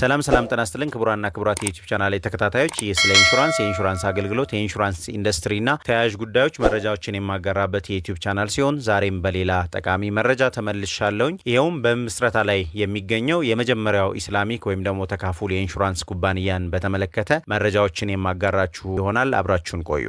ሰላም ሰላም ጤና ይስጥልን ክቡራንና ክቡራት የዩቲዩብ ቻናል ላይ ተከታታዮች፣ ይህ ስለ ኢንሹራንስ፣ የኢንሹራንስ አገልግሎት፣ የኢንሹራንስ ኢንዱስትሪና ተያያዥ ጉዳዮች መረጃዎችን የማጋራበት የዩቲዩብ ቻናል ሲሆን ዛሬም በሌላ ጠቃሚ መረጃ ተመልሻለሁኝ። ይኸውም በምስረታ ላይ የሚገኘው የመጀመሪያው ኢስላሚክ ወይም ደግሞ ተካፉል የኢንሹራንስ ኩባንያን በተመለከተ መረጃዎችን የማጋራችሁ ይሆናል። አብራችሁን ቆዩ።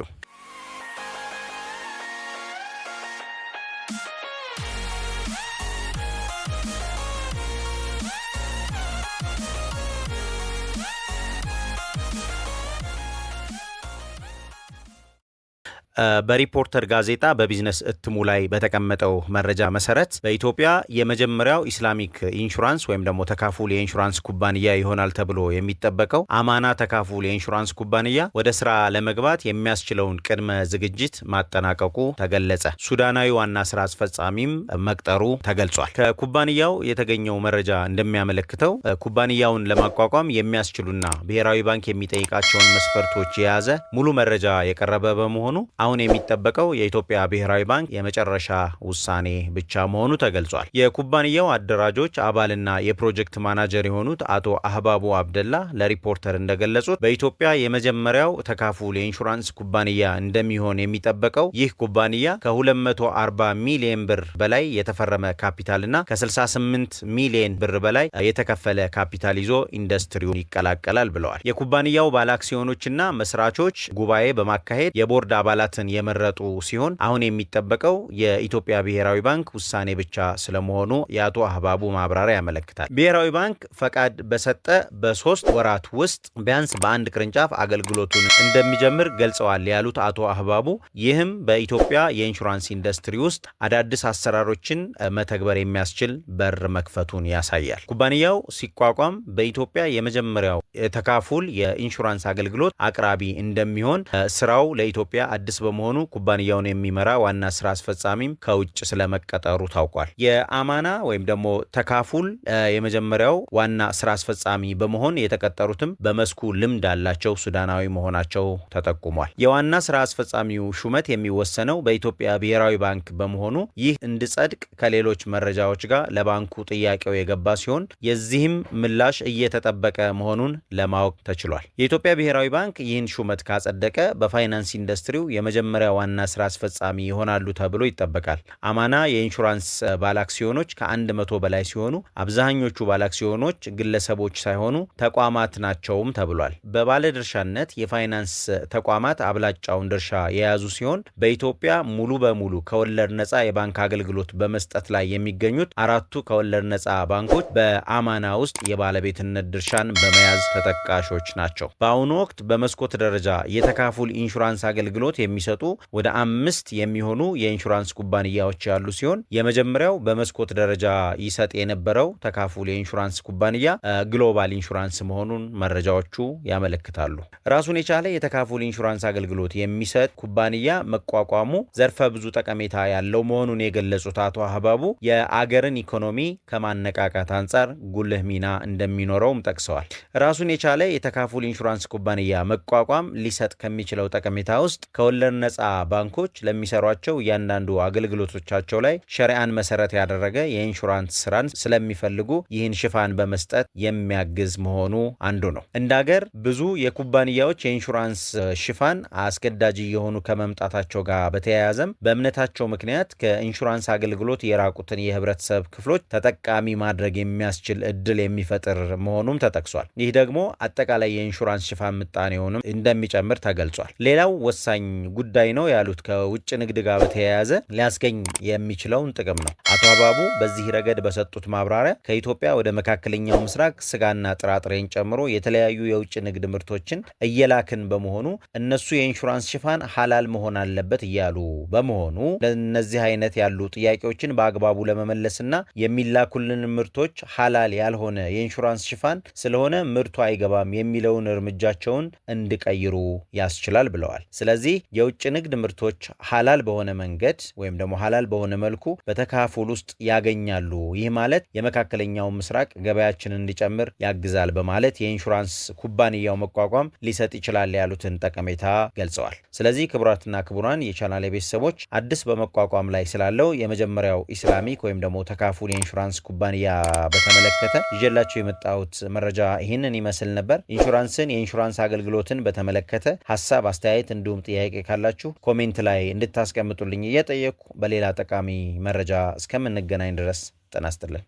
በሪፖርተር ጋዜጣ በቢዝነስ እትሙ ላይ በተቀመጠው መረጃ መሰረት በኢትዮጵያ የመጀመሪያው ኢስላሚክ ኢንሹራንስ ወይም ደግሞ ተካፉል የኢንሹራንስ ኩባንያ ይሆናል ተብሎ የሚጠበቀው አማና ተካፉል የኢንሹራንስ ኩባንያ ወደ ስራ ለመግባት የሚያስችለውን ቅድመ ዝግጅት ማጠናቀቁ ተገለጸ። ሱዳናዊ ዋና ስራ አስፈጻሚም መቅጠሩ ተገልጿል። ከኩባንያው የተገኘው መረጃ እንደሚያመለክተው ኩባንያውን ለማቋቋም የሚያስችሉና ብሔራዊ ባንክ የሚጠይቃቸውን መስፈርቶች የያዘ ሙሉ መረጃ የቀረበ በመሆኑ አሁን የሚጠበቀው የኢትዮጵያ ብሔራዊ ባንክ የመጨረሻ ውሳኔ ብቻ መሆኑ ተገልጿል። የኩባንያው አደራጆች አባልና የፕሮጀክት ማናጀር የሆኑት አቶ አህባቡ አብደላ ለሪፖርተር እንደገለጹት በኢትዮጵያ የመጀመሪያው ተካፉል የኢንሹራንስ ኩባንያ እንደሚሆን የሚጠበቀው ይህ ኩባንያ ከ240 ሚሊዮን ብር በላይ የተፈረመ ካፒታልና ከ68 ሚሊዮን ብር በላይ የተከፈለ ካፒታል ይዞ ኢንዱስትሪውን ይቀላቀላል ብለዋል። የኩባንያው ባለአክሲዮኖችና መስራቾች ጉባኤ በማካሄድ የቦርድ አባላት ስርዓትን የመረጡ ሲሆን አሁን የሚጠበቀው የኢትዮጵያ ብሔራዊ ባንክ ውሳኔ ብቻ ስለመሆኑ የአቶ አህባቡ ማብራሪያ ያመለክታል። ብሔራዊ ባንክ ፈቃድ በሰጠ በሶስት ወራት ውስጥ ቢያንስ በአንድ ቅርንጫፍ አገልግሎቱን እንደሚጀምር ገልጸዋል ያሉት አቶ አህባቡ ይህም በኢትዮጵያ የኢንሹራንስ ኢንዱስትሪ ውስጥ አዳዲስ አሰራሮችን መተግበር የሚያስችል በር መክፈቱን ያሳያል። ኩባንያው ሲቋቋም በኢትዮጵያ የመጀመሪያው የተካፉል የኢንሹራንስ አገልግሎት አቅራቢ እንደሚሆን ስራው ለኢትዮጵያ አዲስ በመሆኑ ኩባንያውን የሚመራ ዋና ስራ አስፈጻሚም ከውጭ ስለመቀጠሩ ታውቋል። የአማና ወይም ደግሞ ተካፉል የመጀመሪያው ዋና ስራ አስፈጻሚ በመሆን የተቀጠሩትም በመስኩ ልምድ አላቸው ሱዳናዊ መሆናቸው ተጠቁሟል። የዋና ስራ አስፈጻሚው ሹመት የሚወሰነው በኢትዮጵያ ብሔራዊ ባንክ በመሆኑ ይህ እንዲጸድቅ ከሌሎች መረጃዎች ጋር ለባንኩ ጥያቄው የገባ ሲሆን የዚህም ምላሽ እየተጠበቀ መሆኑን ለማወቅ ተችሏል። የኢትዮጵያ ብሔራዊ ባንክ ይህን ሹመት ካጸደቀ በፋይናንስ ኢንዱስትሪው የመጀ የመጀመሪያ ዋና ስራ አስፈጻሚ ይሆናሉ ተብሎ ይጠበቃል። አማና የኢንሹራንስ ባለአክሲዮኖች ከአንድ መቶ በላይ ሲሆኑ አብዛኞቹ ባለአክሲዮኖች ግለሰቦች ሳይሆኑ ተቋማት ናቸውም ተብሏል። በባለድርሻነት የፋይናንስ ተቋማት አብላጫውን ድርሻ የያዙ ሲሆን በኢትዮጵያ ሙሉ በሙሉ ከወለድ ነጻ የባንክ አገልግሎት በመስጠት ላይ የሚገኙት አራቱ ከወለድ ነጻ ባንኮች በአማና ውስጥ የባለቤትነት ድርሻን በመያዝ ተጠቃሾች ናቸው። በአሁኑ ወቅት በመስኮት ደረጃ የተካፉል ኢንሹራንስ አገልግሎት የሚ የሚሰጡ ወደ አምስት የሚሆኑ የኢንሹራንስ ኩባንያዎች ያሉ ሲሆን የመጀመሪያው በመስኮት ደረጃ ይሰጥ የነበረው ተካፉል የኢንሹራንስ ኩባንያ ግሎባል ኢንሹራንስ መሆኑን መረጃዎቹ ያመለክታሉ። ራሱን የቻለ የተካፉል ኢንሹራንስ አገልግሎት የሚሰጥ ኩባንያ መቋቋሙ ዘርፈ ብዙ ጠቀሜታ ያለው መሆኑን የገለጹት አቶ አህባቡ የአገርን ኢኮኖሚ ከማነቃቃት አንጻር ጉልህ ሚና እንደሚኖረውም ጠቅሰዋል። ራሱን የቻለ የተካፉል ኢንሹራንስ ኩባንያ መቋቋም ሊሰጥ ከሚችለው ጠቀሜታ ውስጥ ከወለ ከበድር ነፃ ባንኮች ለሚሰሯቸው እያንዳንዱ አገልግሎቶቻቸው ላይ ሸሪአን መሰረት ያደረገ የኢንሹራንስ ስራን ስለሚፈልጉ ይህን ሽፋን በመስጠት የሚያግዝ መሆኑ አንዱ ነው። እንደ ሀገር ብዙ የኩባንያዎች የኢንሹራንስ ሽፋን አስገዳጅ እየሆኑ ከመምጣታቸው ጋር በተያያዘም በእምነታቸው ምክንያት ከኢንሹራንስ አገልግሎት የራቁትን የህብረተሰብ ክፍሎች ተጠቃሚ ማድረግ የሚያስችል እድል የሚፈጥር መሆኑም ተጠቅሷል። ይህ ደግሞ አጠቃላይ የኢንሹራንስ ሽፋን ምጣኔውንም እንደሚጨምር ተገልጿል። ሌላው ወሳኝ ጉዳይ ነው ያሉት ከውጭ ንግድ ጋር በተያያዘ ሊያስገኝ የሚችለውን ጥቅም ነው። አቶ አባቡ በዚህ ረገድ በሰጡት ማብራሪያ ከኢትዮጵያ ወደ መካከለኛው ምስራቅ ስጋና ጥራጥሬን ጨምሮ የተለያዩ የውጭ ንግድ ምርቶችን እየላክን በመሆኑ እነሱ የኢንሹራንስ ሽፋን ሀላል መሆን አለበት እያሉ በመሆኑ ለእነዚህ አይነት ያሉ ጥያቄዎችን በአግባቡ ለመመለስና የሚላኩልን ምርቶች ሀላል ያልሆነ የኢንሹራንስ ሽፋን ስለሆነ ምርቱ አይገባም የሚለውን እርምጃቸውን እንዲቀይሩ ያስችላል ብለዋል። ስለዚህ የውጭ ንግድ ምርቶች ሀላል በሆነ መንገድ ወይም ደግሞ ሀላል በሆነ መልኩ በተካፉል ውስጥ ያገኛሉ። ይህ ማለት የመካከለኛው ምስራቅ ገበያችንን እንዲጨምር ያግዛል በማለት የኢንሹራንስ ኩባንያው መቋቋም ሊሰጥ ይችላል ያሉትን ጠቀሜታ ገልጸዋል። ስለዚህ ክቡራትና ክቡራን የቻናል ቤተሰቦች አዲስ በመቋቋም ላይ ስላለው የመጀመሪያው ኢስላሚክ ወይም ደግሞ ተካፉል የኢንሹራንስ ኩባንያ በተመለከተ ይዤላቸው የመጣሁት መረጃ ይህንን ይመስል ነበር። ኢንሹራንስን፣ የኢንሹራንስ አገልግሎትን በተመለከተ ሀሳብ አስተያየት እንዲሁም ጥያቄ ካላችሁ ኮሜንት ላይ እንድታስቀምጡልኝ እየጠየቅኩ በሌላ ጠቃሚ መረጃ እስከምንገናኝ ድረስ ጤና ይስጥልን።